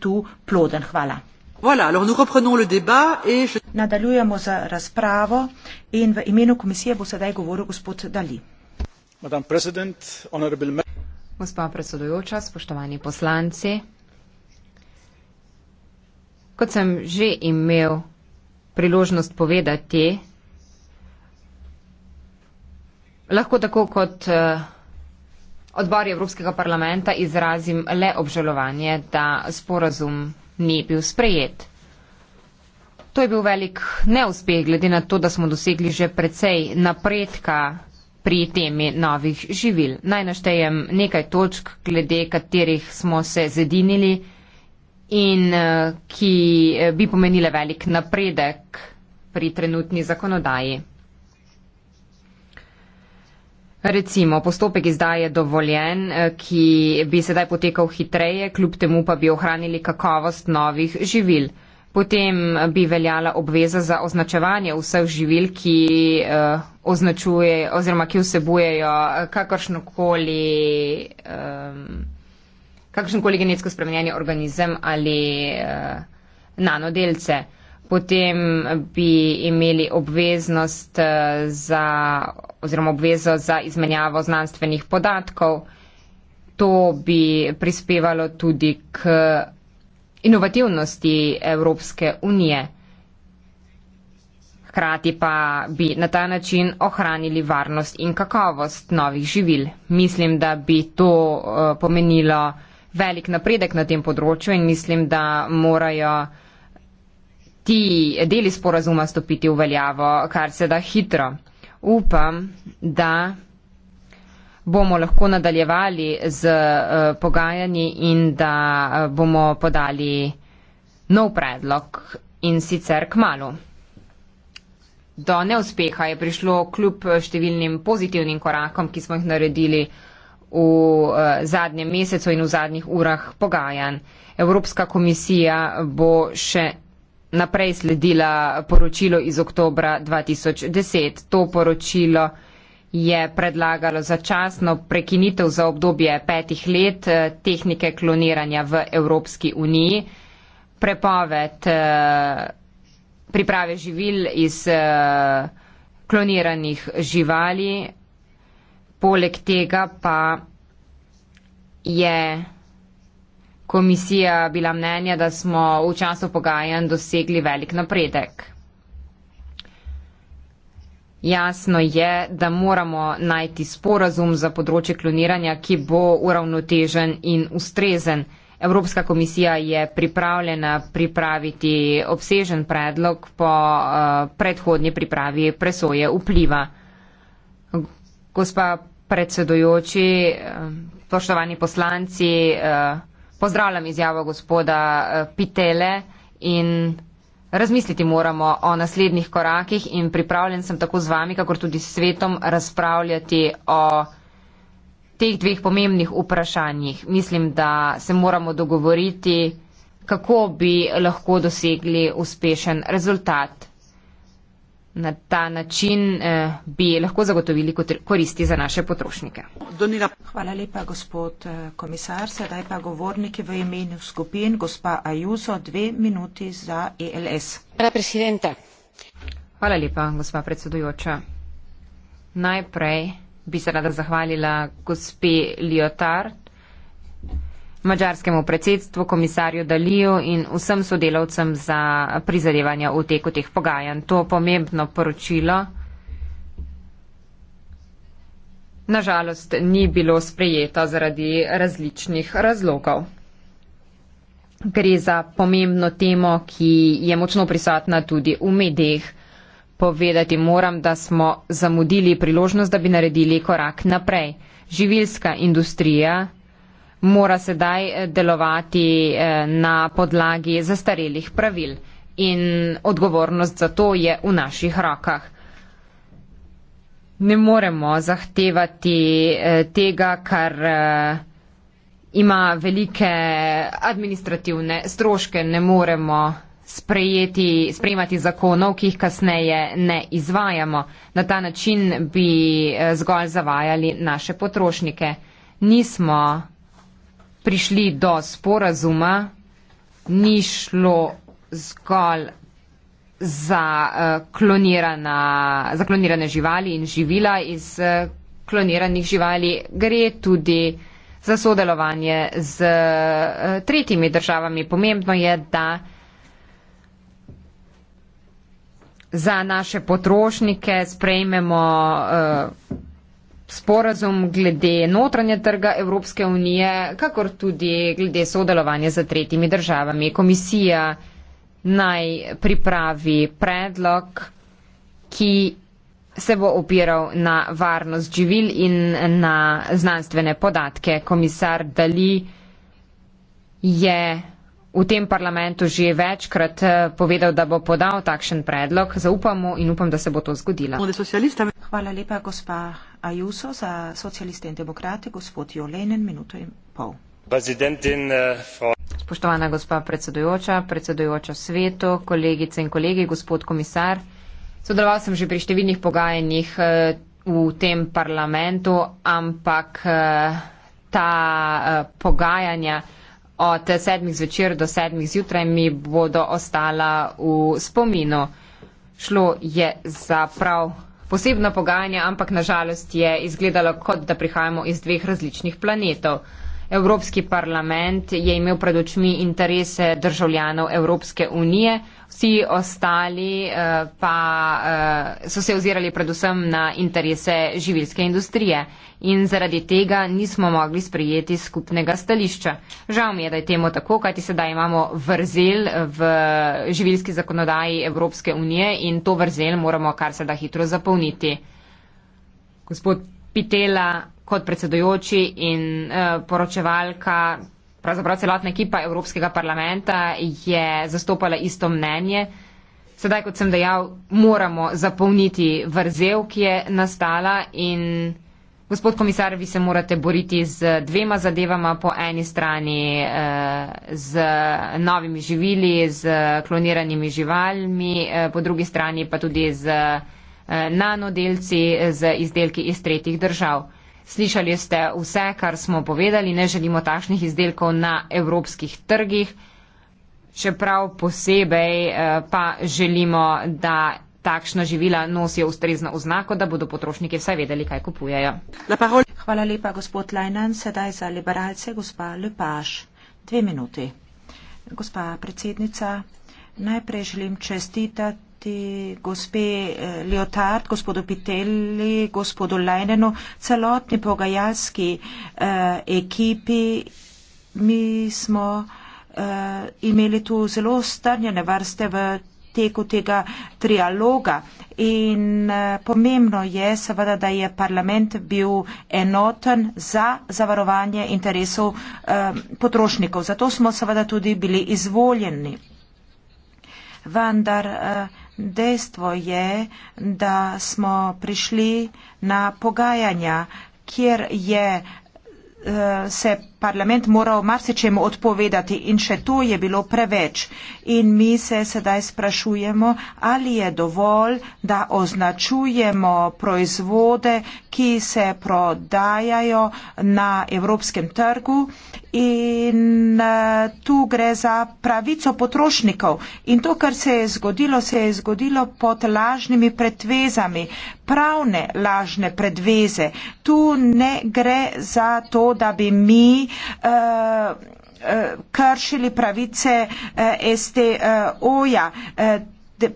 tu ploden. Hvala. Voilà, alors nous reprenons le débat et je... Nadaljujemo z razpravo in v imenu komisije bo sedaj govoril gospod Dali. Gospa predsedujoča, spoštovani poslanci, kot sem že imel priložnost povedati, lahko tako kot uh, odbor Evropskega parlamenta izrazim le obžalovanje, da sporazum ni bil sprejet. To je bil velik neuspeh, glede na to, da smo dosegli že precej napredka pri temi novih živil. Naj naštejem nekaj točk, glede katerih smo se zedinili in eh, ki eh, bi pomenile velik napredek pri trenutni zakonodaji. Recimo, postopek izdaje dovoljen, eh, ki bi sedaj potekal hitreje, kljub temu pa bi ohranili kakovost novih živil. Potem bi veljala obveza za označevanje vseh živil, ki eh, označuje oziroma ki vsebujejo eh, kakršnokoli, eh, kakršnokoli genetsko spremenjeni organizem ali eh, nanodelce. Potem bi imeli obveznost eh, za oziroma obvezo za izmenjavo znanstvenih podatkov. To bi prispevalo tudi k inovativnosti Evropske unije. Hkrati pa bi na ta način ohranili varnost in kakovost novih živil. Mislim, da bi to eh, pomenilo velik napredek na tem področju in mislim, da morajo ti deli sporazuma stopiti v veljavo kar se da hitro upam, da bomo lahko nadaljevali z uh, pogajanji in da uh, bomo podali nov predlog in sicer k malu. Do neuspeha je prišlo kljub številnim pozitivnim korakom, ki smo jih naredili v uh, zadnjem mesecu in v zadnjih urah pogajanj. Evropska komisija bo še naprej sledila poročilo iz oktobra 2010. To poročilo je predlagalo začasno prekinitev za obdobje petih let eh, tehnike kloniranja v Evropski uniji, prepoved eh, priprave živil iz eh, kloniranih živali, poleg tega pa je komisija bila mnenja, da smo v času pogajanj dosegli velik napredek. Jasno je, da moramo najti sporazum za področje kloniranja, ki bo uravnotežen in ustrezen. Evropska komisija je pripravljena pripraviti obsežen predlog po uh, eh, predhodnji pripravi presoje vpliva. Gospa predsedujoči, eh, poštovani poslanci, uh, pozdravljam izjavo gospoda eh, Pitele in razmisliti moramo o naslednjih korakih in pripravljen sem tako z vami, kakor tudi s svetom razpravljati o teh dveh pomembnih vprašanjih. Mislim, da se moramo dogovoriti, kako bi lahko dosegli uspešen rezultat na ta način eh, bi lahko zagotovili koristi za naše potrošnike. Donila. Hvala lepa, gospod eh, komisar. Sedaj pa govorniki v imenu skupin, gospa Ajuso, dve minuti za ELS. Hvala lepa, gospa predsedujoča. Najprej bi se rada zahvalila gospe Lyotard mađarskemu predsedstvu, komisarju Daliju in vsem sodelavcem za prizadevanja v teku teh pogajanj. To pomembno poročilo nažalost ni bilo sprejeto zaradi različnih razlogov. Gre za pomembno temo, ki je močno prisotna tudi v medijih. Povedati moram, da smo zamudili priložnost, da bi naredili korak naprej. Živilska industrija mora sedaj eh, delovati eh, na podlagi zastarelih pravil in odgovornost za to je v naših rokah. Ne moremo zahtevati eh, tega, kar ima velike administrativne stroške, ne moremo sprejeti, sprejemati zakonov, ki jih kasneje ne izvajamo. Na ta način bi zgolj zavajali naše potrošnike. Nismo prišli do sporazuma, ni šlo zgolj za, eh, za klonirane živali in živila iz eh, kloniranih živali, gre tudi za sodelovanje z eh, tretjimi državami. Pomembno je, da za naše potrošnike sprejmemo uh, sporazum glede notranje trga Evropske unije, kakor tudi glede sodelovanja z tretjimi državami. Komisija naj pripravi predlog, ki se bo opiral na varnost živil in na znanstvene podatke. Komisar Dali je v tem parlamentu že večkrat eh, povedal, da bo podal takšen predlog. Zaupamo in upam, da se bo to zgodilo. Hvala lepa, gospa. Ayuso za socialiste in demokrate, gospod Jolenen, minuto in pol. Eh, Spoštovana gospa predsedujoča, predsedujoča svetu, kolegice in kolegi, gospod komisar. Sodeloval sem že pri številnih pogajanjih eh, v tem parlamentu, ampak eh, ta pogajanja od sedmih zvečer do sedmih zjutraj mi bodo ostala v spominu. Šlo je za prav posebna pogajanja, ampak nažalost je izgledalo, kot da prihajamo iz dveh različnih planetov. Evropski parlament je imel pred očmi interese državljanov Evropske unije, vsi ostali eh, pa eh, so se ozirali predvsem na interese živilske industrije in zaradi tega nismo mogli sprejeti skupnega stališča. Žal mi je, da je temu tako, kajti sedaj imamo vrzel v živilski zakonodaji Evropske unije in to vrzel moramo kar se da hitro zapolniti. Gospod Pitela kot predsedojoči in eh, poročevalka pravzaprav celotna ekipa Evropskega parlamenta je zastopala isto mnenje. Sedaj, kot sem dejal, moramo zapolniti vrzel, ki je nastala in gospod komisar, vi se morate boriti z dvema zadevama po eni strani, eh, z novimi živili, z kloniranimi živalmi, eh, po drugi strani pa tudi z eh, nanodelci, z izdelki iz tretjih držav. Slišali ste vse, kar smo povedali, ne želimo takšnih izdelkov na evropskih trgih, čeprav posebej eh, pa želimo, da takšna živila nosijo ustrezno oznako, da bodo potrošniki vse vedeli, kaj kupujejo. Hvala lepa, gospod Lajnan. Sedaj za liberalce, gospa Lepaš. Dve minuti. Gospa predsednica, najprej želim čestitati povedati gospe eh, Leotard, gospodu Pitelli, gospodu Lajnenu, celotni pogajalski eh, ekipi. Mi smo eh, imeli tu zelo strnjene vrste v teku tega trialoga in eh, pomembno je seveda, da je parlament bil enoten za zavarovanje interesov eh, potrošnikov. Zato smo seveda tudi bili izvoljeni. Vendar eh, dejstvo je, da smo prišli na pogajanja, kjer je Eh, se parlament moral marsičemu odpovedati in še to je bilo preveč. In mi se sedaj sprašujemo, ali je dovolj, da označujemo proizvode, ki se prodajajo na evropskem trgu in eh, tu gre za pravico potrošnikov. In to, kar se je zgodilo, se je zgodilo pod lažnimi pretvezami, pravne lažne predveze. Tu ne gre za to, da bi mi uh, uh, kršili pravice uh, eh, STO-ja. Uh,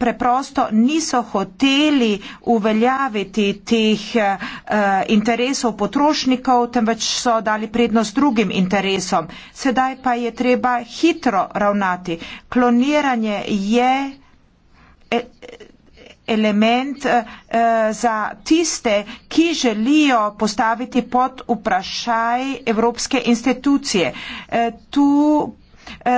preprosto niso hoteli uveljaviti tih uh, interesov potrošnikov, temveč so dali prednost drugim interesom. Sedaj pa je treba hitro ravnati. Kloniranje je. Eh, element eh, eh, za tiste, ki želijo postaviti pod vprašaj evropske institucije. Eh, tu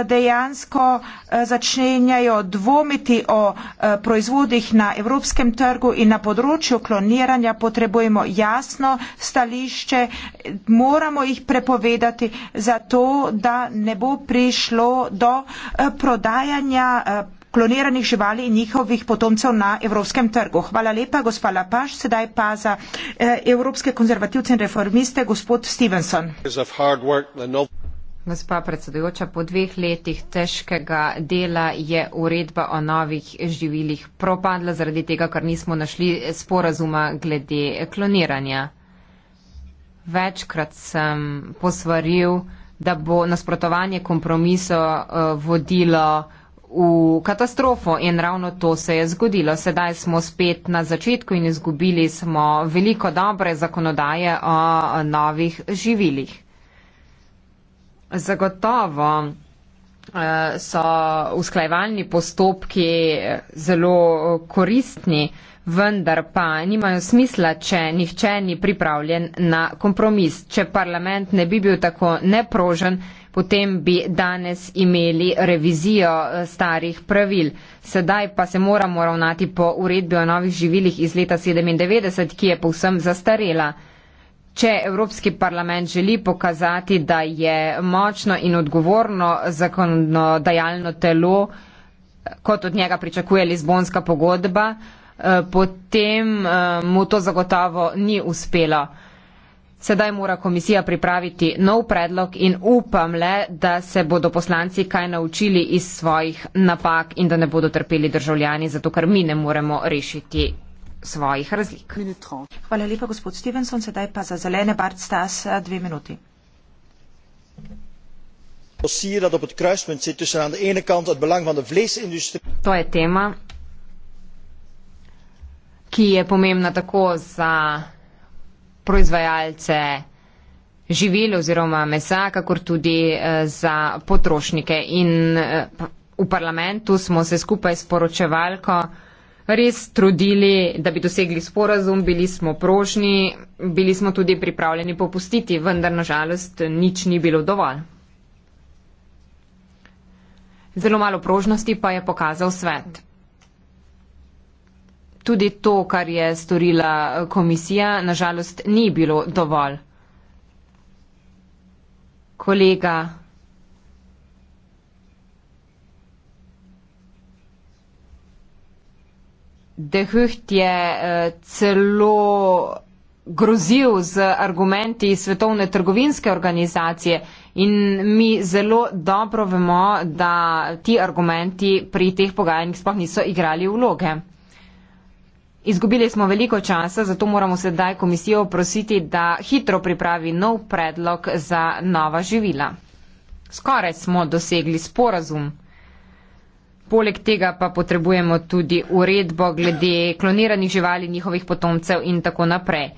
dejansko začenjajo dvomiti o proizvodih na evropskem trgu in na področju kloniranja potrebujemo jasno stališče, moramo jih prepovedati zato, da ne bo prišlo do prodajanja kloniranih živali in njihovih potomcev na evropskem trgu. Hvala lepa, gospa Lapaš, sedaj pa za eh, evropske konzervativce in reformiste, gospod Stevenson. Gospa predsedujoča, po dveh letih težkega dela je uredba o novih živilih propadla zaradi tega, ker nismo našli sporazuma glede kloniranja. Večkrat sem posvaril, da bo nasprotovanje kompromiso eh, vodilo v katastrofo in ravno to se je zgodilo. Sedaj smo spet na začetku in izgubili smo veliko dobre zakonodaje o novih živilih. Zagotovo eh, so usklajevalni postopki zelo koristni, vendar pa nimajo smisla, če nihče ni pripravljen na kompromis. Če parlament ne bi bil tako neprožen, potem bi danes imeli revizijo eh, starih pravil. Sedaj pa se moramo ravnati po uredbi o novih živilih iz leta 1997, ki je povsem zastarela. Če Evropski parlament želi pokazati, da je močno in odgovorno zakonodajalno telo, eh, kot od njega pričakuje Lizbonska pogodba, eh, potem mu to zagotovo ni uspelo. Sedaj mora komisija pripraviti nov predlog in upam le, da se bodo poslanci kaj naučili iz svojih napak in da ne bodo trpeli državljani, zato ker mi ne moremo rešiti svojih razlik. Hvala lepa, gospod Stevenson. Sedaj pa za zelene Bart Stas dve minuti. To je tema, ki je pomembna tako za proizvajalce živil oziroma mesa, kakor tudi eh, za potrošnike. In eh, v parlamentu smo se skupaj s poročevalko res trudili, da bi dosegli sporazum, bili smo prožni, bili smo tudi pripravljeni popustiti, vendar nažalost nič ni bilo dovolj. Zelo malo prožnosti pa je pokazal svet. Tudi to, kar je storila eh, komisija, nažalost ni bilo dovolj. Kolega. Dehucht je eh, celo grozil z argumenti Svetovne trgovinske organizacije in mi zelo dobro vemo, da ti argumenti pri teh pogajanjih sploh niso igrali vloge. Izgubili smo veliko časa, zato moramo sedaj komisijo prositi, da hitro pripravi nov predlog za nova živila. Skoraj smo dosegli sporazum. Poleg tega pa potrebujemo tudi uredbo glede kloniranih živali, njihovih potomcev in tako naprej.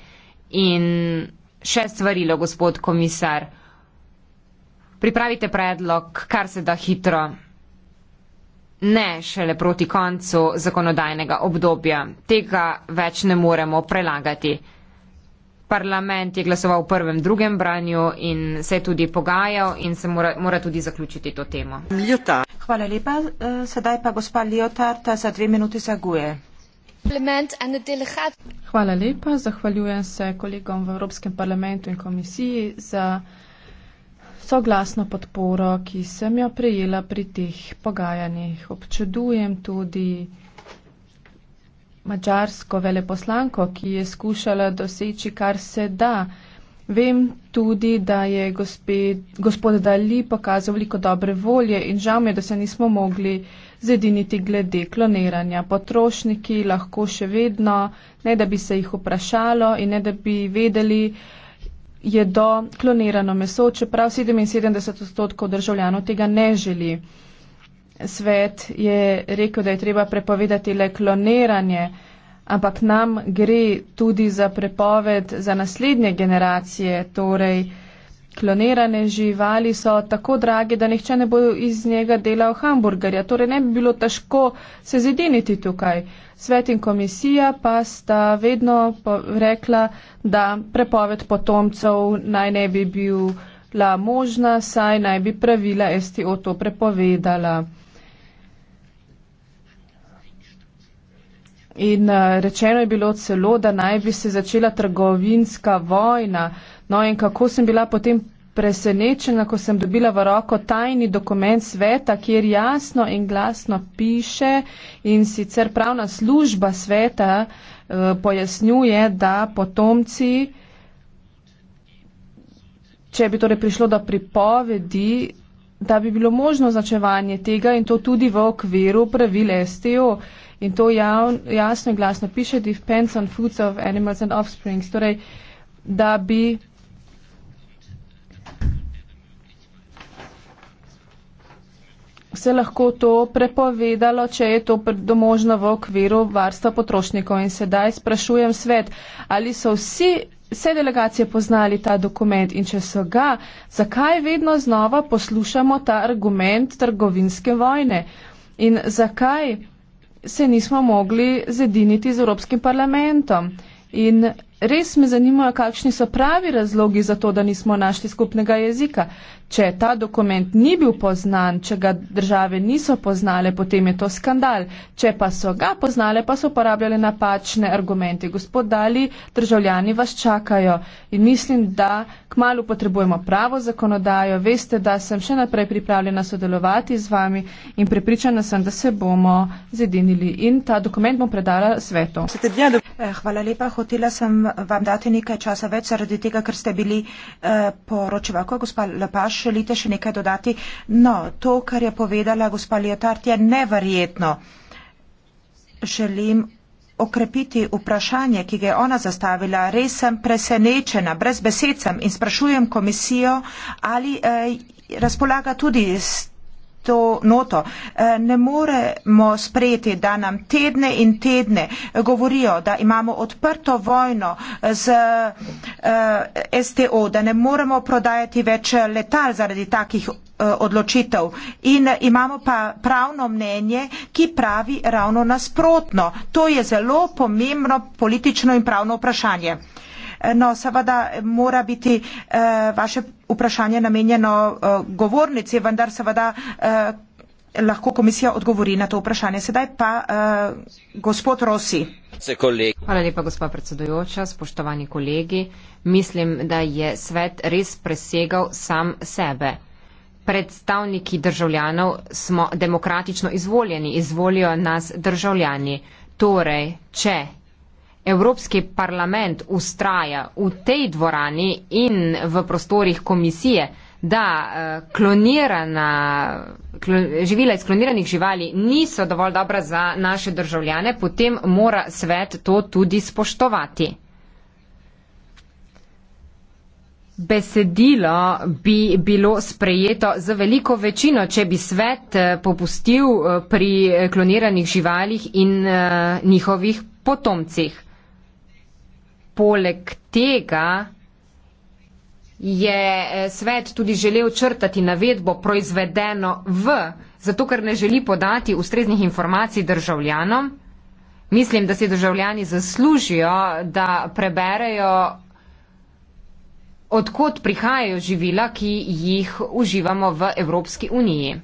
In še stvarilo, gospod komisar, pripravite predlog, kar se da hitro ne šele proti koncu zakonodajnega obdobja. Tega več ne moremo prelagati. Parlament je glasoval v prvem, drugem branju in se je tudi pogajal in se mora, mora tudi zaključiti to temo. Ljuta. Hvala lepa. Eh, sedaj pa gospa Ljotarta za dve minuti zaguje. Hvala lepa. Zahvaljujem se kolegom v Evropskem parlamentu in komisiji za soglasno podporo, ki sem jo prejela pri teh pogajanjih. Občudujem tudi mačarsko veleposlanko, ki je skušala doseči, kar se da. Vem tudi, da je gospod, gospod Dali pokazal veliko dobre volje in žal mi je, da se nismo mogli zediniti glede kloniranja. Potrošniki lahko še vedno, ne da bi se jih vprašalo in ne da bi vedeli, uh, jedo klonirano meso, čeprav 77 odstotkov državljanov tega ne želi. Svet je rekel, da je treba prepovedati le kloniranje, ampak nam gre tudi za prepoved za naslednje generacije, torej klonirane živali so tako drage, da nihče ne bo iz njega delal hamburgerja. Torej ne bi bilo težko se zediniti tukaj. Svet in komisija pa sta vedno rekla, da prepoved potomcev naj ne bi bila možna, saj naj bi pravila STO to prepovedala. In eh, rečeno je bilo celo, da naj bi se začela trgovinska vojna. No in kako sem bila potem presenečena, ko sem dobila v roko tajni dokument sveta, kjer jasno in glasno piše in sicer pravna služba sveta uh, pojasnjuje, da potomci, če bi torej prišlo do pripovedi, da bi bilo možno značevanje tega in to tudi v okviru pravil STO. In to javn, jasno in glasno piše Defense on Foods of Animals and Offsprings. Torej, da bi se lahko to prepovedalo, če je to domožno v okviru varstva potrošnikov. In sedaj sprašujem svet, ali so vsi, vse delegacije poznali ta dokument in če so ga, zakaj vedno znova poslušamo ta argument trgovinske vojne in zakaj se nismo mogli zediniti z Evropskim parlamentom. In res me zanimajo, kakšni so pravi razlogi za to, da nismo našli skupnega jezika. Če ta dokument ni bil poznan, če ga države niso poznale, potem je to skandal. Če pa so ga poznale, pa so uporabljale napačne argumente. Gospod Dali, državljani vas čakajo in mislim, da kmalo potrebujemo pravo zakonodajo. Veste, da sem še naprej pripravljena sodelovati z vami in prepričana sem, da se bomo zedinili in ta dokument bom predala svetu. Hvala lepa, hotela sem uh, vam dati nekaj časa več, zaradi tega, ker ste bili eh, poročevalko. Gospa Lepaš, želite še nekaj dodati? No, to, kar je povedala gospa Lijotart, je neverjetno. Želim okrepiti vprašanje, ki ga je ona zastavila. Res sem presenečena, brez besed sem in sprašujem komisijo, ali eh, razpolaga tudi s to noto. E, ne moremo sprejeti, da nam tedne in tedne govorijo, da imamo odprto vojno z e, STO, da ne moremo prodajati več letal zaradi takih e, odločitev. In imamo pa pravno mnenje, ki pravi ravno nasprotno. To je zelo pomembno politično in pravno vprašanje. No, seveda mora biti eh, vaše vprašanje namenjeno eh, govornici, vendar seveda eh, lahko komisija odgovori na to vprašanje. Sedaj pa uh, gospod Rosi. Hvala lepa, gospa predsedujoča, spoštovani kolegi. Mislim, da je svet res presegal sam sebe. Predstavniki državljanov smo demokratično izvoljeni, izvolijo nas državljani. Torej, če Evropski parlament ustraja v tej dvorani in v prostorih komisije, da eh, klonirana, klon, živila iz kloniranih živali niso dovolj dobra za naše državljane, potem mora svet to tudi spoštovati. Besedilo bi bilo sprejeto z veliko večino, če bi svet eh, popustil eh, pri kloniranih živalih in njihovih potomcih poleg tega je eh, svet tudi želel črtati navedbo proizvedeno v, zato ker ne želi podati ustreznih informacij državljanom. Mislim, da si državljani zaslužijo, da preberejo, odkot prihajajo živila, ki jih uživamo v Evropski uniji.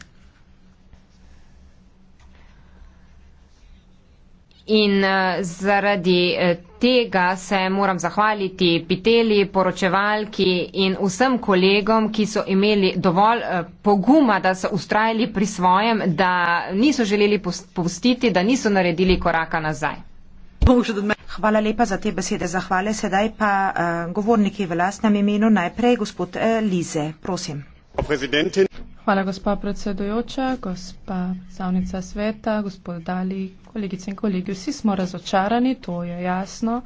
In eh, zaradi eh, tega se moram zahvaliti Piteli, poročevalki in vsem kolegom, ki so imeli dovolj eh, poguma, da so ustrajali pri svojem, da niso želeli pustiti, da niso naredili koraka nazaj. Hvala lepa za te besede zahvale. Sedaj pa uh, govorniki v lastnem imenu. Najprej gospod uh, Lize, prosim. Hvala gospa predsedujoča, gospa zavnica sveta, gospod Dalik kolegice in kolegi, vsi smo razočarani, to je jasno.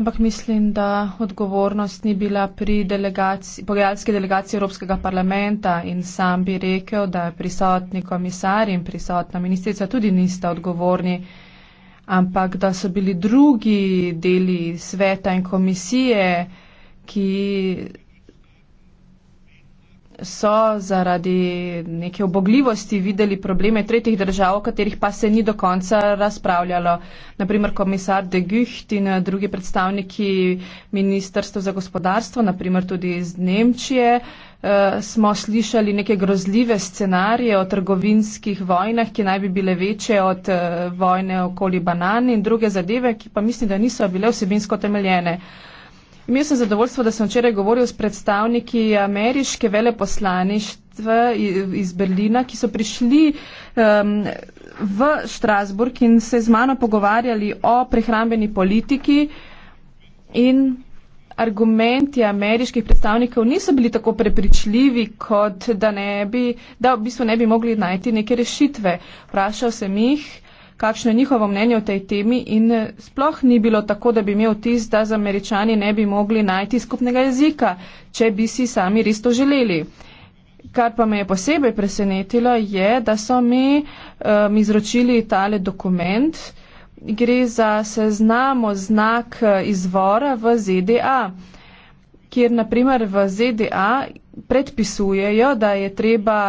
Ampak mislim, da odgovornost ni bila pri delegaci, pogajalski delegaciji Evropskega parlamenta in sam bi rekel, da prisotni komisar in prisotna ministrica tudi nista odgovorni, ampak da so bili drugi deli sveta in komisije, ki so zaradi neke obogljivosti videli probleme tretjih držav, o katerih pa se ni do konca razpravljalo. Naprimer, komisar De Gucht in eh, drugi predstavniki Ministrstva za gospodarstvo, naprimer tudi iz Nemčije, eh, smo slišali neke grozljive scenarije o trgovinskih vojnah, ki naj bi bile večje od eh, vojne okoli banan in druge zadeve, ki pa mislim, da niso bile vsebinsko temeljene. Imel sem zadovoljstvo, da sem včeraj govoril s predstavniki ameriške veleposlaništva iz Berlina, ki so prišli um, v Štrasburg in se z mano pogovarjali o prehrambeni politiki. In argumenti ameriških predstavnikov niso bili tako prepričljivi, kot da, ne bi, da v bistvu ne bi mogli najti neke rešitve. Vprašal sem jih kakšno je njihovo mnenje o tej temi in eh, sploh ni bilo tako, da bi imel tis, da z američani ne bi mogli najti skupnega jezika, če bi si sami res to želeli. Kar pa me je posebej presenetilo, je, da so mi um, izročili tale dokument, gre za seznamo znak eh, izvora v ZDA, kjer naprimer v ZDA predpisujejo, da je treba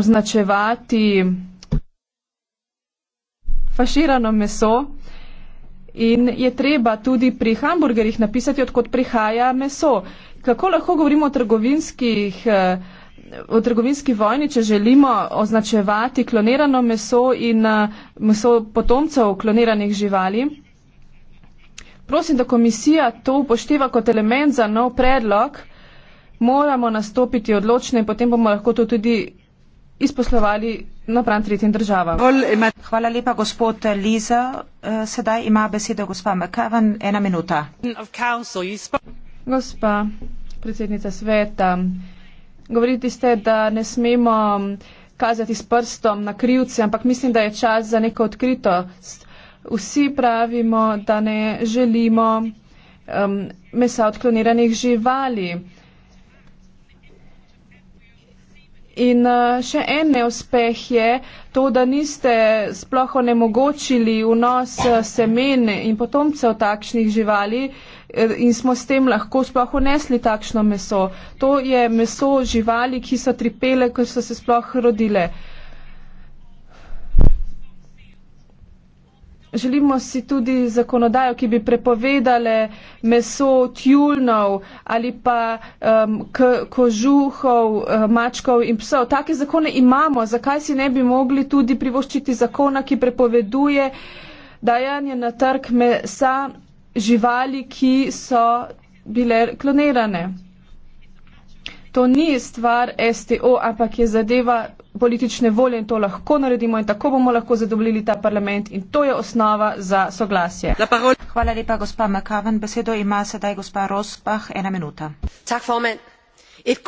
označevati faširano meso. In je treba tudi pri hamburgerjih napisati, odkot prihaja meso. Kako lahko govorimo o trgovinskih, eh, o trgovinski vojni, če želimo označevati klonirano meso in eh, meso potomcev kloniranih živali? Prosim, da komisija to upošteva kot element za nov predlog. Moramo nastopiti odločne in potem bomo lahko to tudi izposlovali napram tretjim državam. Hvala lepa, gospod Liza. Eh, sedaj ima besedo gospa Mekavan, ena minuta. Gospa predsednica sveta, govorite ste, da ne smemo kazati s prstom na krivce, ampak mislim, da je čas za neko odkritost. Vsi pravimo, da ne želimo um, mesa od kloniranih živali. In eh, še en neuspeh je to, da niste sploh onemogočili vnos eh, semen in potomcev takšnih živali eh, in smo s tem lahko sploh unesli takšno meso. To je meso živali, ki so tripele, ko so se sploh rodile. Uh, Želimo si tudi zakonodajo, ki bi prepovedale meso tjulnov ali pa um, kožuhov, eh, mačkov in psov. Take zakone imamo. Zakaj si ne bi mogli tudi privoščiti zakona, ki prepoveduje dajanje na trg mesa živali, ki so bile klonirane? to ni stvar STO, ampak je zadeva politične volje in to lahko naredimo in tako bomo lahko zadovoljili ta parlament in to je osnova za soglasje. Za Hvala lepa, gospa Makaven. Besedo ima sedaj gospa Rosbach, ena minuta. Tak, er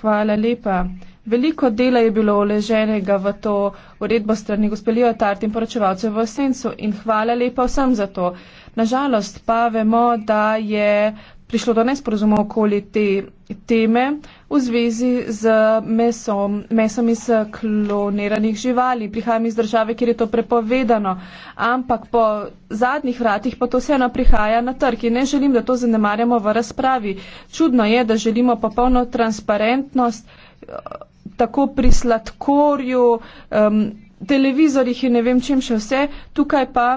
Hvala lepa. Veliko dela je bilo uleženega v to uredbo strani gospodinja Tart in poročevalcev v Sencu in hvala lepa vsem za to. Nažalost pa vemo, da je prišlo do nesporazuma okoli te teme v zvezi z mesom, mesom iz kloniranih živali. Prihajam iz države, kjer je to prepovedano, ampak po zadnjih vratih pa to vseeno prihaja na trg in ne želim, da to zanemarjamo v razpravi. Čudno je, da želimo popolno transparentnost eh, tako pri sladkorju, um, televizorjih in ne vem čem še vse, tukaj pa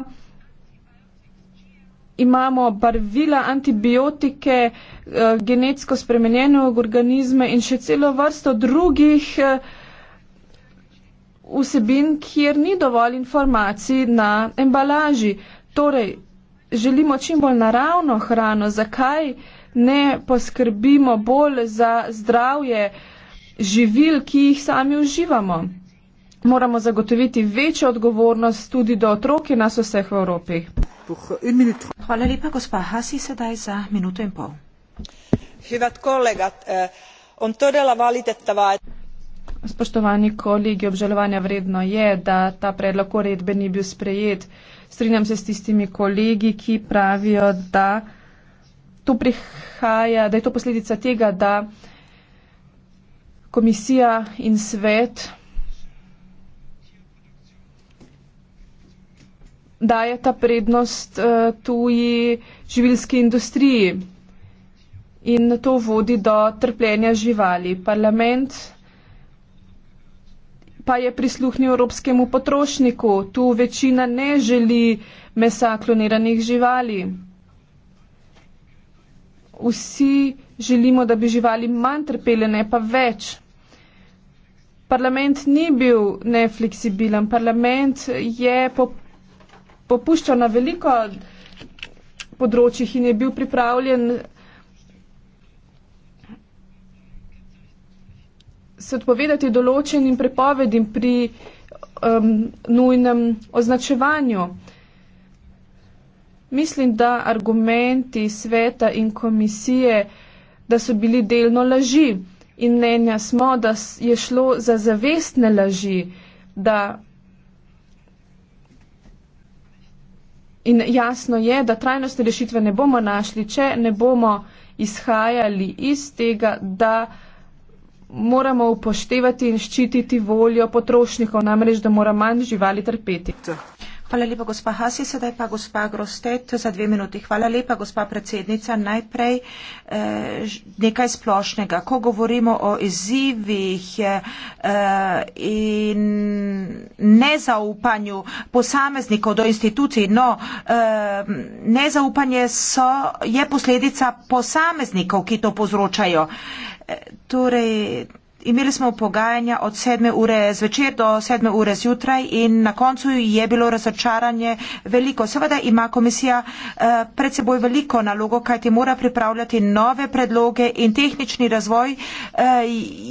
imamo barvila, antibiotike, eh, genetsko spremenjene organizme in še celo vrsto drugih eh, vsebin, kjer ni dovolj informacij na embalaži. Torej, želimo čim bolj naravno hrano, zakaj ne poskrbimo bolj za zdravje živil, ki jih sami uživamo. Moramo zagotoviti večjo odgovornost tudi do otroke nas vseh v Evropi. Euh, Hvala lepa, gospa Hasi, sedaj za minuto in pol. Hyvät kollegat, eh, on todella valitettavaa, että... Spoštovani kolegi, obžalovanja vredno je, da ta predlog uredbe ni bil sprejet. Strinjam se s tistimi kolegi, ki pravijo, da, prihaja, da je to posledica tega, da komisija in svet daje ta prednost uh, tuji živilski industriji in to vodi do trpljenja živali. Parlament pa je prisluhnil evropskemu potrošniku. Tu večina ne želi mesa kloniranih živali. Vsi želimo, da bi živali manj trpele, ne pa več. Parlament ni bil nefleksibilen. Parlament je po popušča na veliko področjih in je bil pripravljen se odpovedati določenim prepovedim pri um, nujnem označevanju. Mislim, da argumenti sveta in komisije, da so bili delno laži in mnenja smo, da je šlo za zavestne laži, da In jasno je, da trajnostne rešitve ne bomo našli, če ne bomo izhajali iz tega, da moramo upoštevati in ščititi voljo potrošnikov, namreč da mora manj živali trpeti. Tako. Hvala lepa, gospa Hasi. Sedaj pa gospa Grostet za dve minuti. Hvala lepa, gospa predsednica. Najprej eh, nekaj splošnega. Ko govorimo o izzivih eh, in nezaupanju posameznikov do institucij, no, eh, nezaupanje so, je posledica posameznikov, ki to povzročajo. Eh, torej, imeli smo pogajanja od 7 ure zvečer do 7 ure zjutraj in na koncu je bilo razočaranje veliko. Seveda ima komisija eh, pred seboj veliko nalogo, kaj ti mora pripravljati nove predloge in tehnični razvoj eh,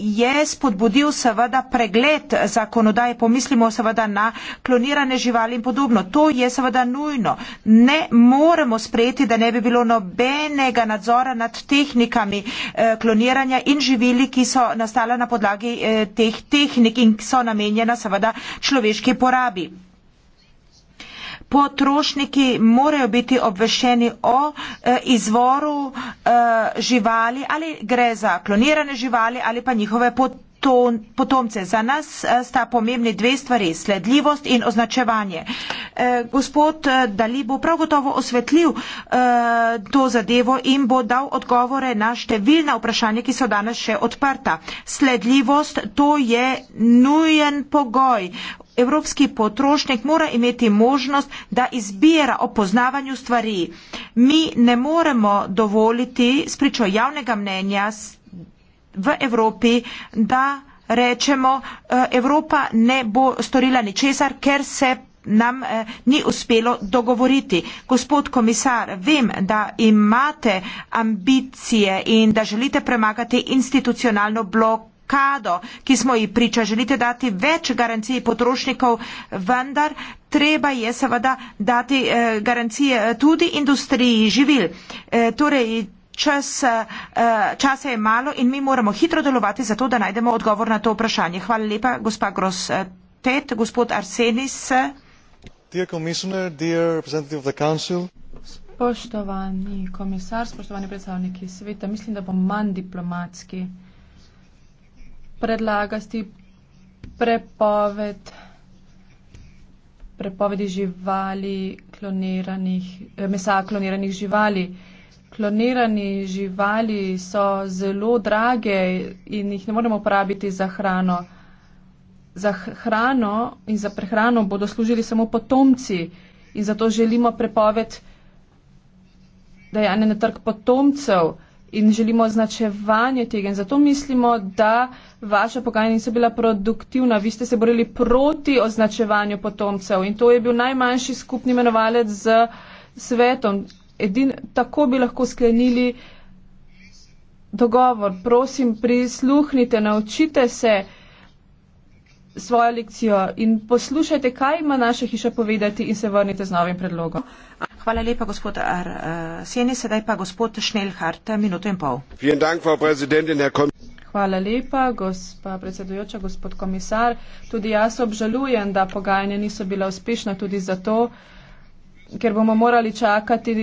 je spodbudil seveda pregled zakonodaje, pomislimo seveda na klonirane živali in podobno. To je seveda nujno. Ne moremo sprejeti, da ne bi bilo nobenega nadzora nad tehnikami eh, kloniranja in živili, ki so nastala na na podlagi eh, teh tehnik in so namenjena seveda človeški porabi. Potrošniki morajo biti obveščeni o eh, izvoru eh, živali ali gre za klonirane živali ali pa njihove potrošnike to potomce. Za nas eh, sta pomembni dve stvari, sledljivost in označevanje. Eh, gospod eh, Dali bo prav gotovo osvetljiv to zadevo in bo dal odgovore na številna vprašanja, ki so danes še odprta. Sledljivost to je nujen pogoj. Evropski potrošnik mora imeti možnost, da izbira o poznavanju stvari. Mi ne moremo dovoliti s pričo javnega mnenja, v Evropi, da rečemo, eh, Evropa ne bo storila ničesar, ker se nam eh, ni uspelo dogovoriti. Gospod komisar, vem, da imate ambicije in da želite premagati institucionalno blokado, ki smo ji priča. Želite dati več garancij potrošnikov, vendar treba je seveda dati eh, garancije tudi industriji živil. Eh, torej, čas, eh, časa je malo in mi moramo hitro delovati za to, da najdemo odgovor na to vprašanje. Hvala lepa, gospa Grosetet, eh, gospod Arsenis. Dear commissioner, dear representative of the council. Spoštovani komisar, spoštovani predstavniki sveta, mislim, da bom manj diplomatski. Predlagati prepoved, prepovedi živali, kloniranih, eh, mesa kloniranih živali klonirani živali so zelo drage in jih ne moremo uporabiti za hrano. Za hrano in za prehrano bodo služili samo potomci in zato želimo prepoved dajanja na trg potomcev in želimo označevanje tega. In zato mislimo, da vaša pogajanja niso bila produktivna. Vi ste se borili proti označevanju potomcev in to je bil najmanjši skupni imenovalec z svetom. Edin, tako bi lahko sklenili dogovor. Prosim, prisluhnite, naučite se svojo lekcijo in poslušajte, kaj ima naša hiša povedati in se vrnite z novim predlogom. Hvala lepa, gospod Arseni. Eh, Sedaj pa gospod Šnelhart, minuto in pol. Hvala lepa, gospa predsedujoča, gospod komisar. Tudi jaz obžalujem, da pogajanja niso bila uspešna tudi zato, ker bomo morali čakati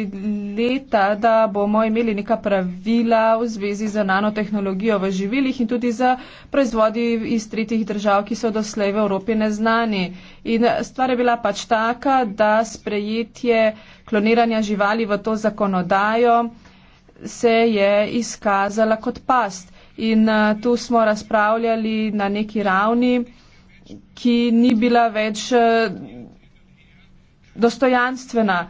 leta, da bomo imeli neka pravila v zvezi z nanotehnologijo v živilih in tudi za proizvodi iz tretjih držav, ki so doslej v Evropi neznani. In stvar je bila pač taka, da sprejetje kloniranja živali v to zakonodajo se je izkazala kot past. In eh, tu smo razpravljali na neki ravni, ki ni bila več eh, dostojanstvena.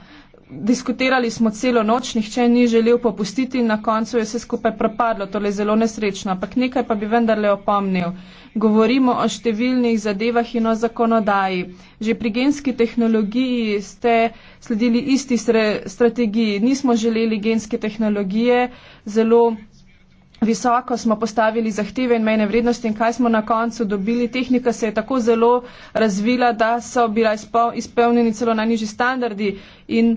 Diskutirali smo celo noč, nihče ni želel popustiti in na koncu je vse skupaj propadlo, torej zelo nesrečno. Ampak nekaj pa bi vendarle opomnil. Govorimo o številnih zadevah in o zakonodaji. Že pri genski tehnologiji ste sledili isti stre, strategiji. Nismo želeli genske tehnologije, zelo visoko smo postavili zahteve in mejne vrednosti in kaj smo na koncu dobili. Tehnika se je tako zelo razvila, da so bila izpolnjeni celo najnižji standardi in,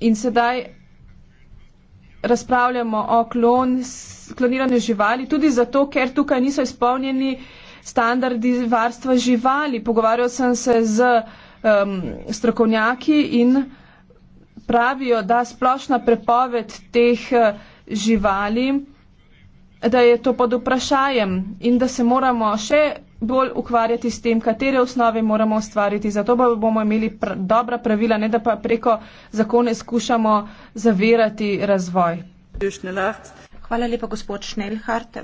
in sedaj razpravljamo o klon, kloniranju živali tudi zato, ker tukaj niso izpolnjeni standardi varstva živali. Pogovarjal sem se z um, strokovnjaki in pravijo, da splošna prepoved teh eh, živali, da je to pod vprašajem in da se moramo še bolj ukvarjati s tem, katere osnove moramo ustvariti. Zato pa bomo imeli pr dobra pravila, ne da pa preko zakone skušamo zavirati razvoj. Hvala lepa, gospod Šnelhart.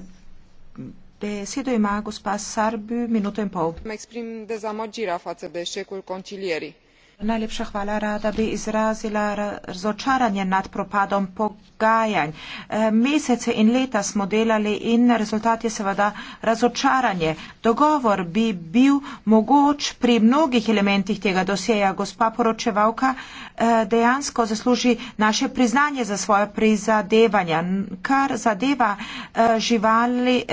Besedo ima gospa Sarbi, minuto in pol. Najlepša hvala. Rada bi izrazila razočaranje nad propadom pogajanj. E, mesece in leta smo delali in rezultat je seveda razočaranje. Dogovor bi bil mogoč pri mnogih elementih tega dosjeja. Gospa poročevalka e, dejansko zasluži naše priznanje za svoje prizadevanja, kar zadeva e, živali,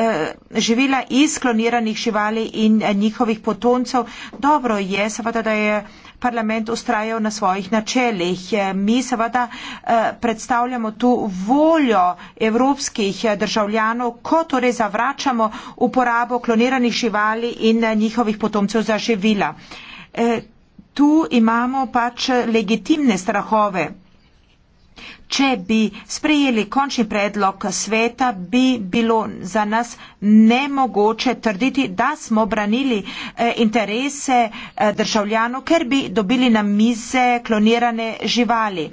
živila iz kloniranih živali in njihovih potoncev. Dobro je seveda, da je parlament ustrajal na svojih načelih. Eh, Mi seveda eh, predstavljamo tu voljo evropskih eh, državljanov, ko torej zavračamo uporabo kloniranih živali in njihovih potomcev za živila. Tu imamo pač legitimne strahove če bi sprejeli končni predlog sveta, bi bilo za nas nemogoče trditi, da smo branili eh, interese eh, državljanov, ker bi dobili na mize klonirane živali.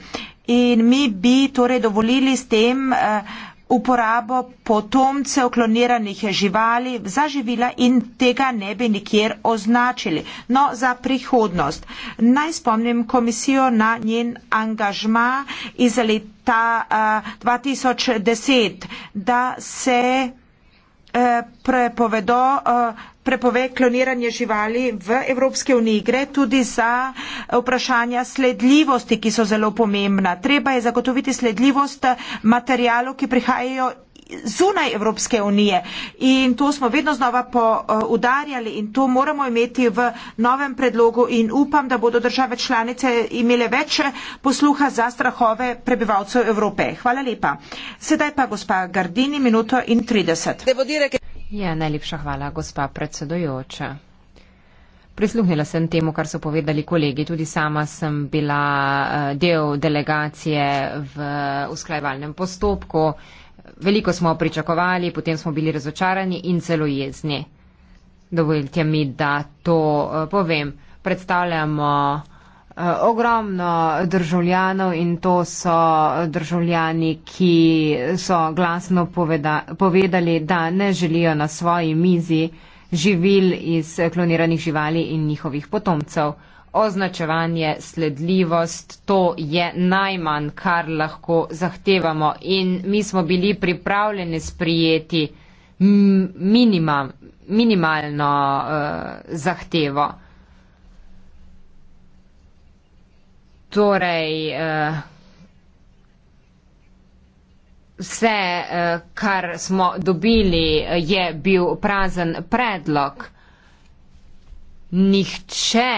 In mi bi torej dovolili s tem eh, uporabo potomcev kloniranih živali za živila in tega ne bi nikjer označili. No, za prihodnost. Naj spomnim komisijo na njen angažma iz leta uh, eh, 2010, da se uh, prepovedo uh, prepove kloniranje živali v Evropske unije, gre tudi za vprašanja sledljivosti, ki so zelo pomembna. Treba je zagotoviti sledljivost materijalov, ki prihajajo zunaj Evropske unije in to smo vedno znova poudarjali in to moramo imeti v novem predlogu in upam, da bodo države članice imele več posluha za strahove prebivalcev Evrope. Hvala lepa. Sedaj pa gospa Gardini, minuto in 30. Ja, najlepša hvala, gospa predsedujoča. Prisluhnila sem temu, kar so povedali kolegi. Tudi sama sem bila eh, del delegacije v usklajevalnem postopku. Veliko smo pričakovali, potem smo bili razočarani in celo jezni. Dovolite mi, da to eh, povem. Predstavljamo ogromno državljanov in to so državljani, ki so glasno poveda, povedali, da ne želijo na svoji mizi živil iz kloniranih živali in njihovih potomcev. Označevanje, sledljivost, to je najmanj, kar lahko zahtevamo in mi smo bili pripravljeni sprijeti minima, minimalno uh, zahtevo. Torej, eh, vse, eh, kar smo dobili, eh, je bil prazen predlog. Nihče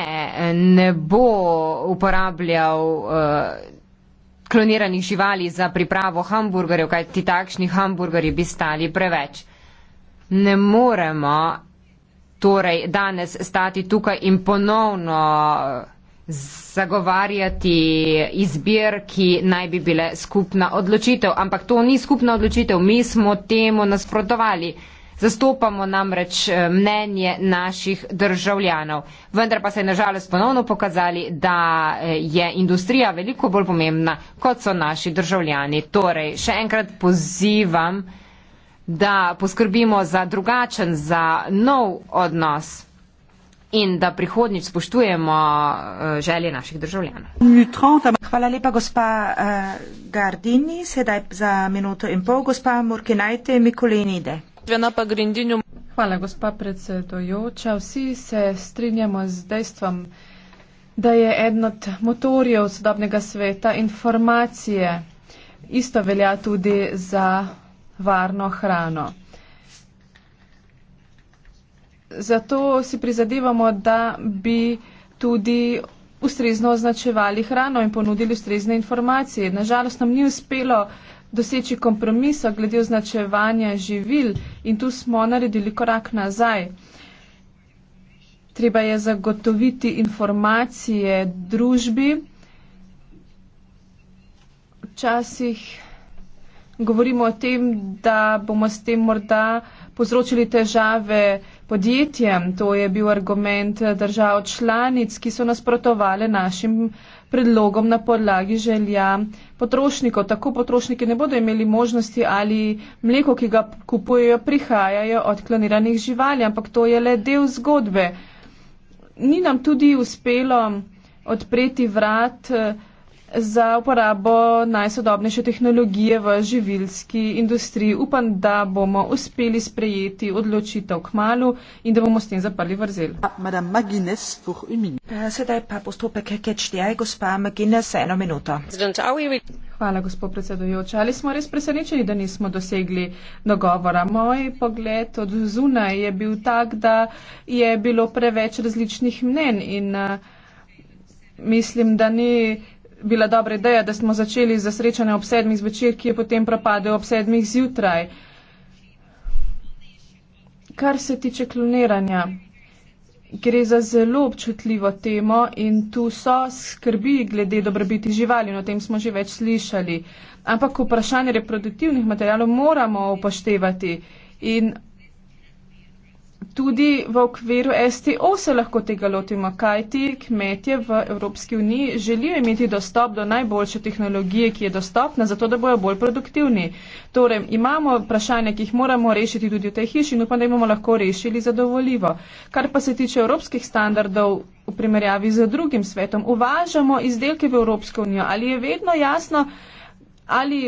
ne bo uporabljal kloniranih živali za pripravo hamburgerjev, kaj ti takšni hamburgerji bi stali preveč. Ne moremo torej danes stati tukaj in ponovno zagovarjati izbir, ki naj bi bile skupna odločitev. Ampak to ni skupna odločitev, mi smo temu nasprotovali. Zastopamo namreč eh, mnenje naših državljanov. Vendar pa se je nažalost ponovno pokazali, da eh, je industrija veliko bolj pomembna, kot so naši državljani. Torej, še enkrat pozivam, da poskrbimo za drugačen, za nov odnos in da prihodnjič spoštujemo eh, želje naših državljanov. Hvala lepa, gospa eh, Gardini. Sedaj za minuto in pol, gospa Murkinajte, Mikulinide. Hvala, gospa predsedojoča. Vsi se strinjamo z dejstvom, da je eden od motorjev sodobnega sveta informacije. Isto velja tudi za varno hrano. Zato si prizadevamo, da bi tudi ustrezno označevali hrano in ponudili ustrezne informacije. Nažalost nam ni uspelo doseči kompromisa glede označevanja živil in tu smo naredili korak nazaj. Treba je zagotoviti informacije družbi. Včasih govorimo o tem, da bomo s tem morda povzročili težave podjetjem. To je bil argument držav članic, ki so nasprotovali našim predlogom na podlagi želja potrošnikov. Tako potrošniki ne bodo imeli možnosti ali mleko, ki ga kupujejo, prihajajo od kloniranih živali, ampak to je le del zgodbe. Ni nam tudi uspelo odpreti vrat. Eh, za uporabo najsodobnejše tehnologije v živilski industriji. Upam, da bomo uspeli sprejeti odločitev k malu in da bomo s tem zaprli vrzel. Eh, sedaj pa postopek kečtja, gospa Maginez, eno minuto. Hvala, gospod predsedujoča. Ali smo res presenečeni, da nismo dosegli dogovora? Moj pogled od zunaj je bil tak, da je bilo preveč različnih mnen in uh, mislim, da ni bila dobra ideja, da smo začeli za srečanje ob sedmih zvečer, ki je potem propadel ob sedmih zjutraj. Kar se tiče kloniranja, gre za zelo občutljivo temo in tu so skrbi glede dobrobiti živali, o tem smo že več slišali. Ampak vprašanje reproduktivnih materijalov moramo upoštevati in tudi v okviru STO se lahko tega lotimo, kajti kmetje v Evropski uniji želijo imeti dostop do najboljše tehnologije, ki je dostopna, zato da bojo bolj produktivni. Torej, imamo vprašanja, ki jih moramo rešiti tudi v tej hiši in upam, da jih bomo lahko rešili zadovoljivo. Kar pa se tiče evropskih standardov v primerjavi z drugim svetom, uvažamo izdelke v Evropsko unijo. Ali je vedno jasno, ali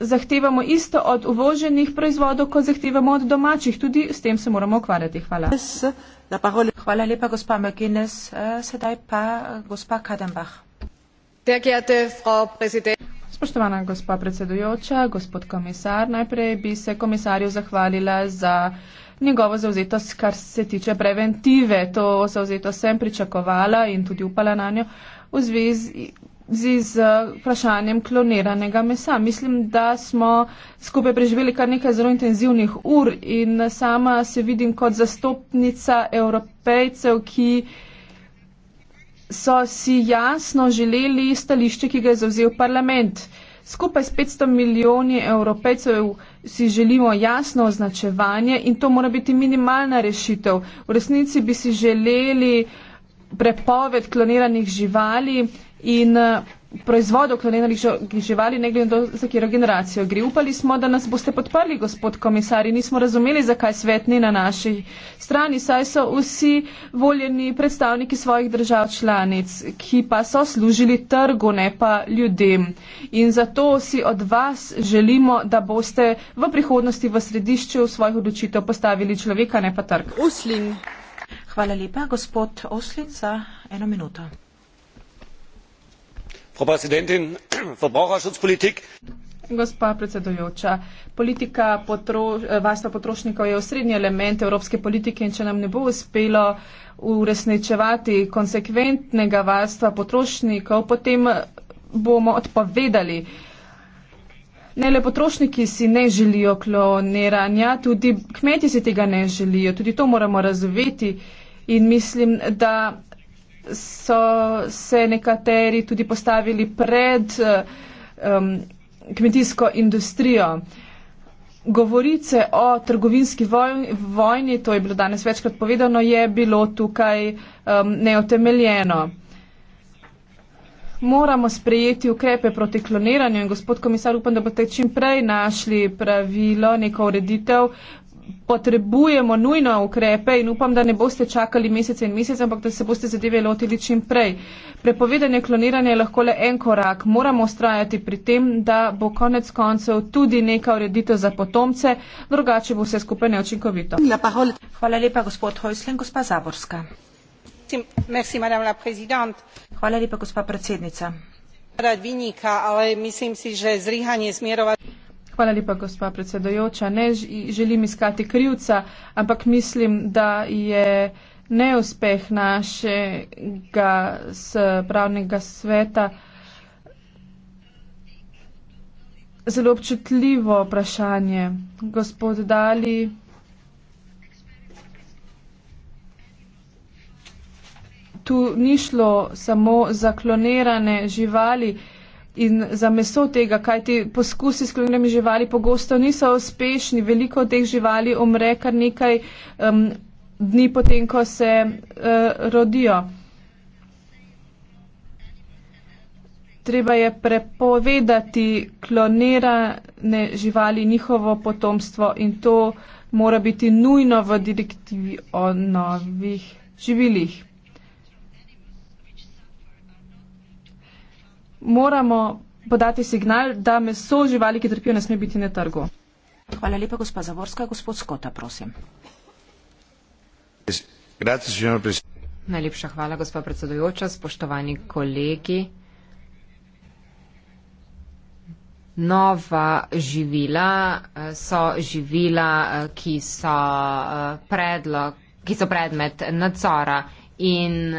zahtevamo isto od uvoženih proizvodov, kot zahtevamo od domačih. Tudi s tem se moramo ukvarjati. Hvala. Hvala lepa, gospa McGuinness. Eh, sedaj pa eh, gospa Kadenbach. Spoštovana gospa predsedujoča, gospod komisar, najprej bi se komisarju zahvalila za njegovo zauzetost, kar se tiče preventive. To zauzetost sem pričakovala in tudi upala na njo. V zvezi zvezi z vprašanjem kloniranega mesa. Mislim, da smo skupaj preživeli kar nekaj zelo intenzivnih ur in sama se vidim kot zastopnica evropejcev, ki so si jasno želeli stališče, ki ga je zavzel parlament. Skupaj s 500 milijoni evropejcev si želimo jasno označevanje in to mora biti minimalna rešitev. V resnici bi si želeli prepoved kloniranih živali, in eh, proizvodov klonenih živali, ne glede na to, za katero generacijo gre. Upali smo, da nas boste podprli, gospod komisar, in nismo razumeli, zakaj svet ni na naši strani, saj so vsi voljeni predstavniki svojih držav članic, ki pa so služili trgu, ne pa ljudem. In zato si od vas želimo, da boste v prihodnosti v središče svojih odločitev postavili človeka, ne pa trg. Uslin. Hvala lepa, gospod Oslin, za eno minuto. Gospa predsedujoča, politika varstva potrošnikov je osrednji element evropske politike in če nam ne bo uspelo uresničevati konsekventnega varstva potrošnikov, potem bomo odpovedali. Ne le potrošniki si ne želijo kloniranja, tudi kmetje si tega ne želijo. Tudi to moramo razumeti in mislim, da so se nekateri tudi postavili pred um, kmetijsko industrijo. Govorice o trgovinski vojni, to je bilo danes večkrat povedano, je bilo tukaj um, neotemeljeno. Moramo sprejeti ukrepe proti kloniranju in gospod komisar upam, da boste čim prej našli pravilo, neko ureditev, potrebujemo nujno ukrepe in upam, da ne boste čakali mesece in mesece, ampak da se boste zadeve lotili čim prej. Prepovedanje kloniranja je lahko le en korak. Moramo ustrajati pri tem, da bo konec koncev tudi neka ureditev za potomce, drugače bo vse skupaj neočinkovito. Hvala lepa, gospod Hojslen, gospa Zaborska. Merci, Hvala lepa, gospa predsednica. Vinika, ale mislim si, že zrihanje zmerovati. Hvala lepa, gospa predsedojoča. Ne želim iskati krivca, ampak mislim, da je neuspeh našega pravnega sveta zelo občutljivo vprašanje. Gospod Dali. Tu ni šlo samo za klonirane živali in za meso tega, kaj ti poskusi s klonirami živali pogosto niso uspešni. Veliko teh živali umre kar nekaj um, dni potem, ko se uh, rodijo. Treba je prepovedati klonirane živali, njihovo potomstvo in to mora biti nujno v direktivi o novih živilih. moramo podati signal, da meso živali, ki trpijo, ne sme biti na trgu. Hvala lepa, gospa Zavorska. Gospod Skota, prosim. Najlepša hvala, gospa predsedujoča, spoštovani kolegi. Nova živila eh, so živila, eh, ki so, eh, predlog, ki so predmet nadzora in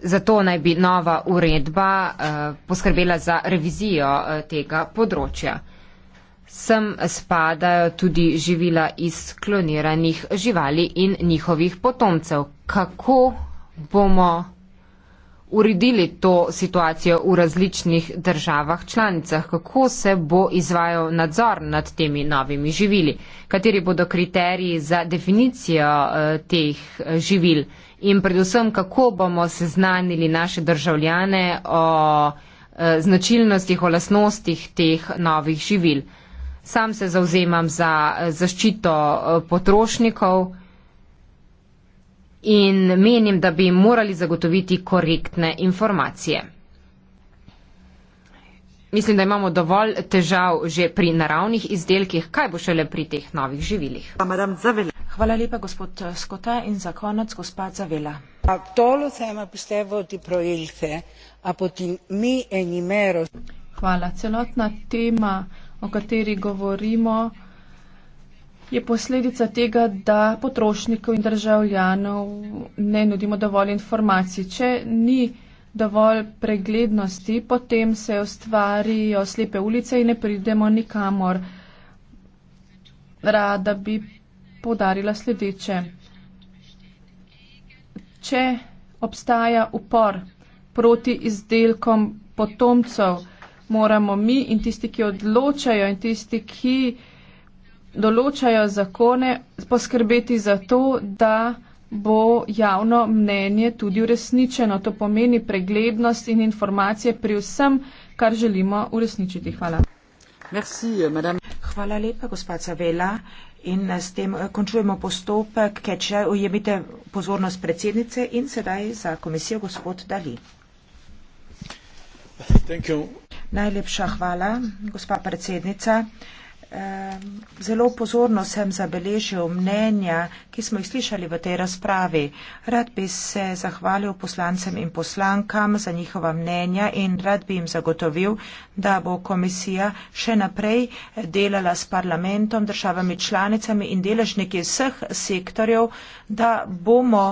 Zato naj bi nova uredba eh, poskrbela za revizijo eh, tega področja. Sem spadajo tudi živila iz kloniranih živali in njihovih potomcev. Kako bomo uredili to situacijo v različnih državah članicah? Kako se bo izvajal nadzor nad temi novimi živili? Kateri bodo kriteriji za definicijo eh, teh živil? in predvsem, kako bomo seznanili naše državljane o e, značilnostih, o lasnostih teh novih živil. Sam se zauzemam za e, zaščito e, potrošnikov in menim, da bi jim morali zagotoviti korektne informacije. Mislim, da imamo dovolj težav že pri naravnih izdelkih, kaj bo šele pri teh novih živilih. Pa, madam, Hvala lepa, gospod Skota. In za konec, gospa Zavela. Hvala. Celotna tema, o kateri govorimo, je posledica tega, da potrošnikov in državljanov ne nudimo dovolj informacij. Če ni dovolj preglednosti, potem se ustvarijo slepe ulice in ne pridemo nikamor. Rada bi poudarila sledeče. Če obstaja upor proti izdelkom potomcev, moramo mi in tisti, ki odločajo in tisti, ki določajo zakone, poskrbeti za to, da bo javno mnenje tudi uresničeno. To pomeni preglednost in informacije pri vsem, kar želimo uresničiti. Hvala. Merci, Hvala lepa, gospod Savela in s tem eh, končujemo postopek, ker če ujemite pozornost predsednice in sedaj za komisijo gospod Dali. Najlepša hvala, gospa predsednica. Zelo pozorno sem zabeležil mnenja, ki smo jih slišali v tej razpravi. Rad bi se zahvalil poslancem in poslankam za njihova mnenja in rad bi jim zagotovil, da bo komisija še naprej delala s parlamentom, državami članicami in deležniki vseh sektorjev, da bomo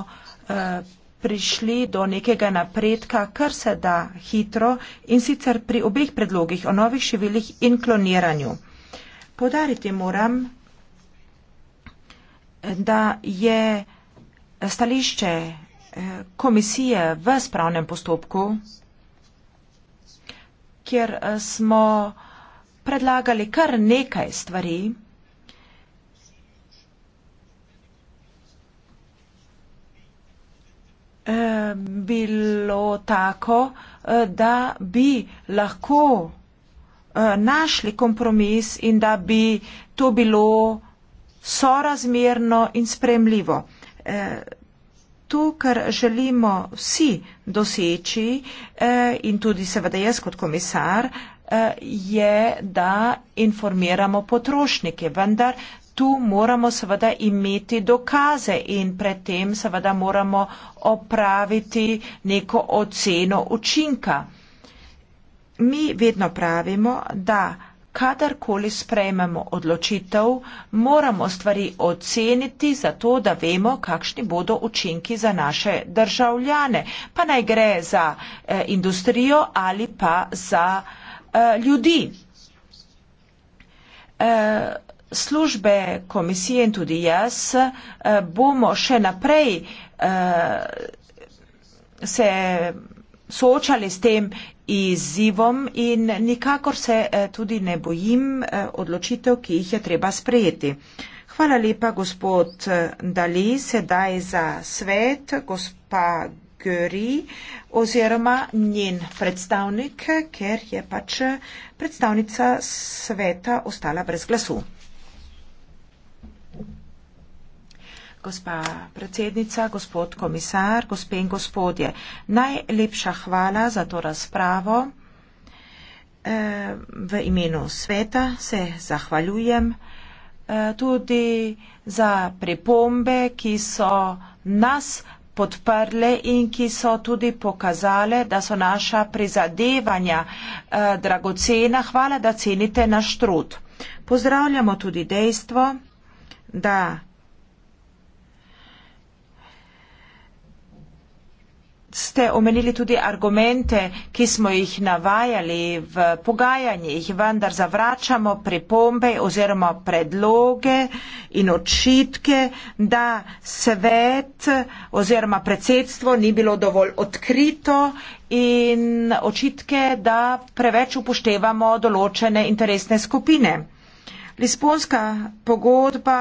eh, prišli do nekega napredka, kar se da hitro in sicer pri obeh predlogih o novih številih in kloniranju. Podariti moram, da je stališče eh, komisije v spravnem postopku, kjer eh, smo predlagali kar nekaj stvari, eh, bilo tako, da bi lahko vsega, Eh, našli kompromis in da bi to bilo sorazmerno in spremljivo. Eh, to, kar želimo vsi doseči eh, in tudi seveda jaz kot komisar, je, da informiramo potrošnike, vendar tu moramo seveda imeti dokaze in predtem seveda moramo opraviti neko oceno učinka mi vedno pravimo, da kadarkoli sprejmemo odločitev, moramo stvari oceniti zato, da vemo, kakšni bodo učinki za naše državljane. Pa naj gre za eh, industrijo ali pa za eh, ljudi. Eh, službe komisije in tudi jaz eh, bomo še naprej eh, se soočali s tem izzivom in nikakor se eh, tudi ne bojim eh, odločitev, ki jih je treba sprejeti. Hvala lepa, gospod eh, Dali, sedaj za svet, gospa Göri oziroma njen predstavnik, ker je pač predstavnica sveta ostala brez glasu. Gospa predsednica, gospod komisar, gospe in gospodje, najlepša hvala za to razpravo. Eh, v imenu sveta se zahvaljujem eh, tudi za pripombe, ki so nas podprle in ki so tudi pokazale, da so naša prizadevanja eh, dragocena. Hvala, da cenite naš trud. Pozdravljamo tudi dejstvo, da ste omenili tudi argumente, ki smo jih navajali v pogajanjih, vendar zavračamo pripombe oziroma predloge in očitke, da svet oziroma predsedstvo ni bilo dovolj odkrito in očitke, da preveč upoštevamo določene interesne skupine. Lisbonska pogodba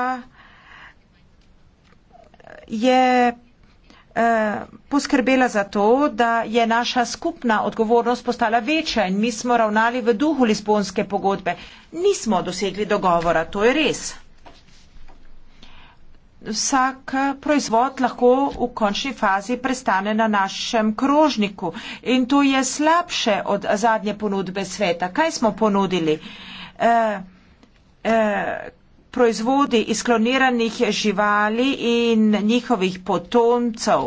je Eh, poskrbela za to, da je naša skupna odgovornost postala večja in mi smo ravnali v duhu Lisbonske pogodbe. Nismo dosegli dogovora, to je res. Vsak proizvod lahko v končni fazi prestane na našem krožniku in to je slabše od zadnje ponudbe sveta. Kaj smo ponudili? Eh, eh, proizvodi iz kloniranih živali in njihovih potomcev.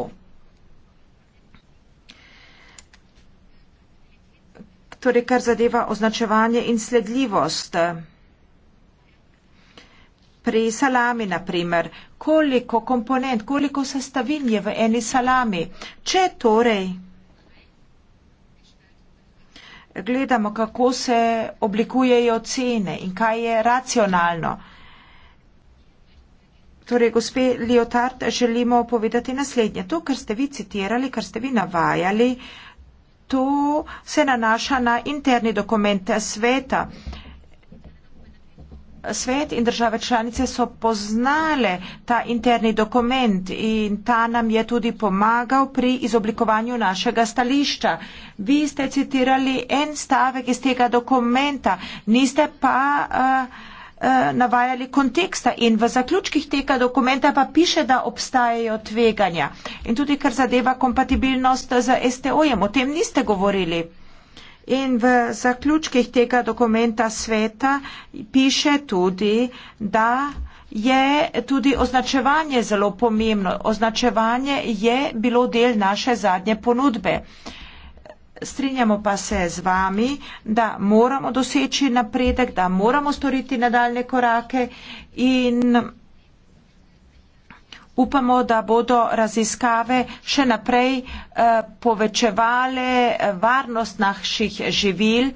Torej, kar zadeva označevanje in sledljivost. Pri salami, naprimer, koliko komponent, koliko sestavin je v eni salami. Če torej gledamo, kako se oblikujejo cene in kaj je racionalno. Torej, gospe Liotard, želimo povedati naslednje. To, kar ste vi citirali, kar ste vi navajali, to se nanaša na interni dokument sveta. Svet in države članice so poznale ta interni dokument in ta nam je tudi pomagal pri izoblikovanju našega stališča. Vi ste citirali en stavek iz tega dokumenta, niste pa. Uh, Eh, navajali konteksta in v zaključkih tega dokumenta pa piše, da obstajajo tveganja. In tudi, kar zadeva kompatibilnost z STO-jem, o tem niste govorili. In v zaključkih tega dokumenta sveta piše tudi, da je tudi označevanje zelo pomembno. Označevanje je bilo del naše zadnje ponudbe. Uh, Strinjamo pa se z vami, da moramo doseči napredek, da moramo storiti nadaljne korake in upamo, da bodo raziskave še naprej eh, povečevale eh, varnost naših živil.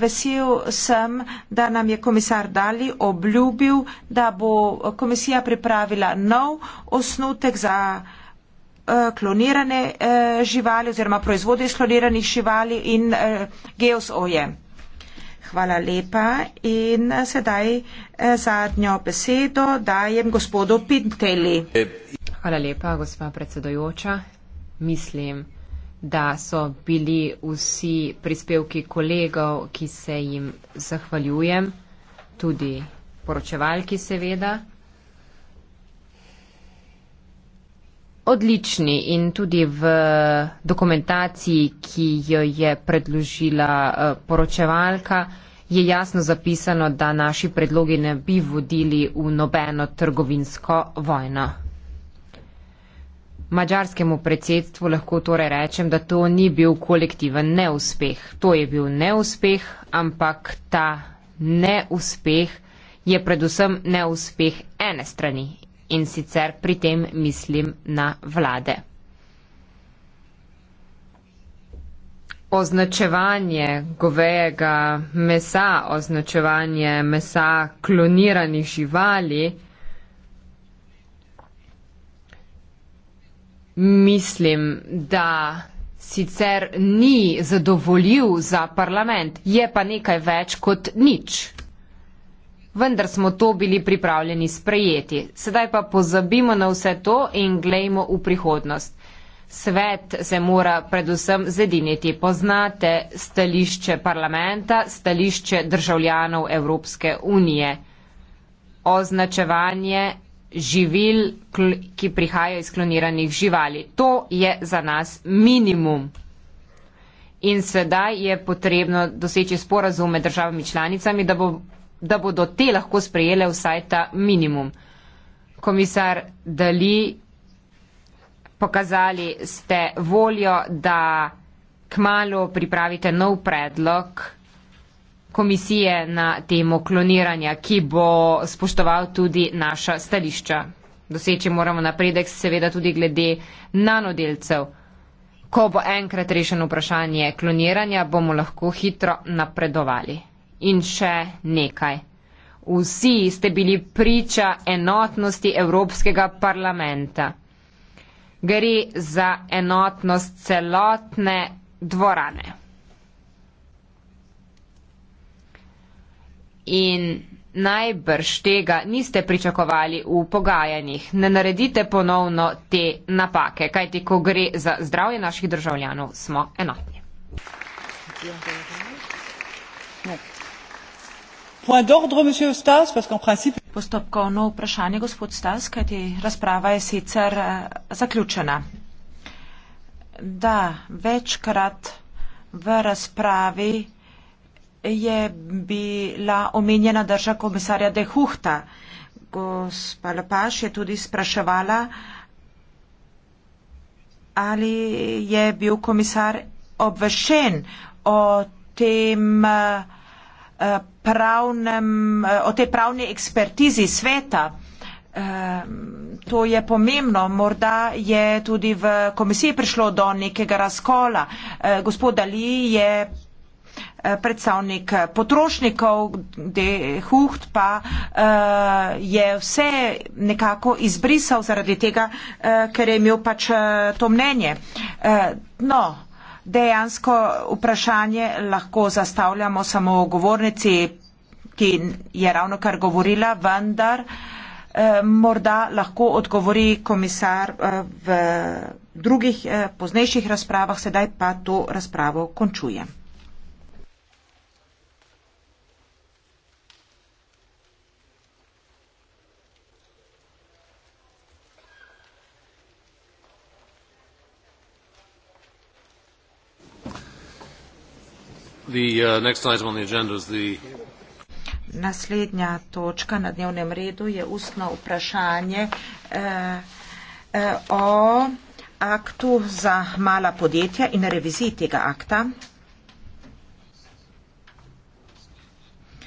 Vesel sem, da nam je komisar Dali obljubil, da bo komisija pripravila nov osnutek za. Eh, klonirane eh, živali oziroma proizvode iz kloniranih živali in eh, geos oje. Hvala lepa in sedaj zadnjo besedo dajem gospodu Pinteli. Hvala lepa, gospa predsedojoča. Mislim, da so bili vsi prispevki kolegov, ki se jim zahvaljujem, tudi poročevalki seveda. odlični in tudi v dokumentaciji, ki jo je predložila eh, poročevalka, je jasno zapisano, da naši predlogi ne bi vodili v nobeno trgovinsko vojno. Mačarskemu predsedstvu lahko torej rečem, da to ni bil kolektiven neuspeh. To je bil neuspeh, ampak ta neuspeh je predvsem neuspeh ene strani in sicer pri tem mislim na vlade. Označevanje govejega mesa, označevanje mesa kloniranih živali, mislim, da sicer ni zadovoljiv za parlament, je pa nekaj več kot nič vendar smo to bili pripravljeni sprejeti. Sedaj pa pozabimo na vse to in glejmo v prihodnost. Svet se mora predvsem zediniti. Poznate stališče parlamenta, stališče državljanov Evropske unije. Označevanje živil, ki prihajajo iz kloniranih živali. To je za nas minimum. In sedaj je potrebno doseči sporazum med državami članicami, da bo da bodo te lahko sprejele vsaj ta minimum. Komisar Dali, pokazali ste voljo, da kmalo pripravite nov predlog komisije na temo kloniranja, ki bo spoštoval tudi naša stališča. Doseči moramo napredek seveda tudi glede nanodelcev. Ko bo enkrat rešeno vprašanje kloniranja, bomo lahko hitro napredovali in še nekaj. Vsi ste bili priča enotnosti Evropskega parlamenta. Gre za enotnost celotne dvorane. In najbrž tega niste pričakovali v pogajanjih. Ne naredite ponovno te napake, kajti ko gre za zdravje naših državljanov, smo enotni. Thank you. Postopkovno vprašanje, gospod Stas, kajti razprava je sicer eh, zaključena. Da, večkrat v razpravi je bila omenjena drža komisarja De Huhta. Gospa Lepaš je tudi spraševala, ali je bil komisar obvešen o tem, uh, pravnem, eh, o tej pravni ekspertizi sveta. To je pomembno. Morda je tudi v komisiji prišlo do nekega razkola. Eh, gospod Dali je eh, predstavnik potrošnikov, de Hucht pa je vse nekako izbrisal zaradi tega, ker je imel pač to mnenje. No, dejansko vprašanje lahko zastavljamo samo govornici, ki je ravno kar govorila, vendar eh, morda lahko odgovori komisar eh, v drugih eh, poznejših razpravah, sedaj pa to razpravo končujem. Uh, Naslednja točka na dnevnem redu je ustno vprašanje eh, eh, o aktu za mala podjetja in reviziji tega akta.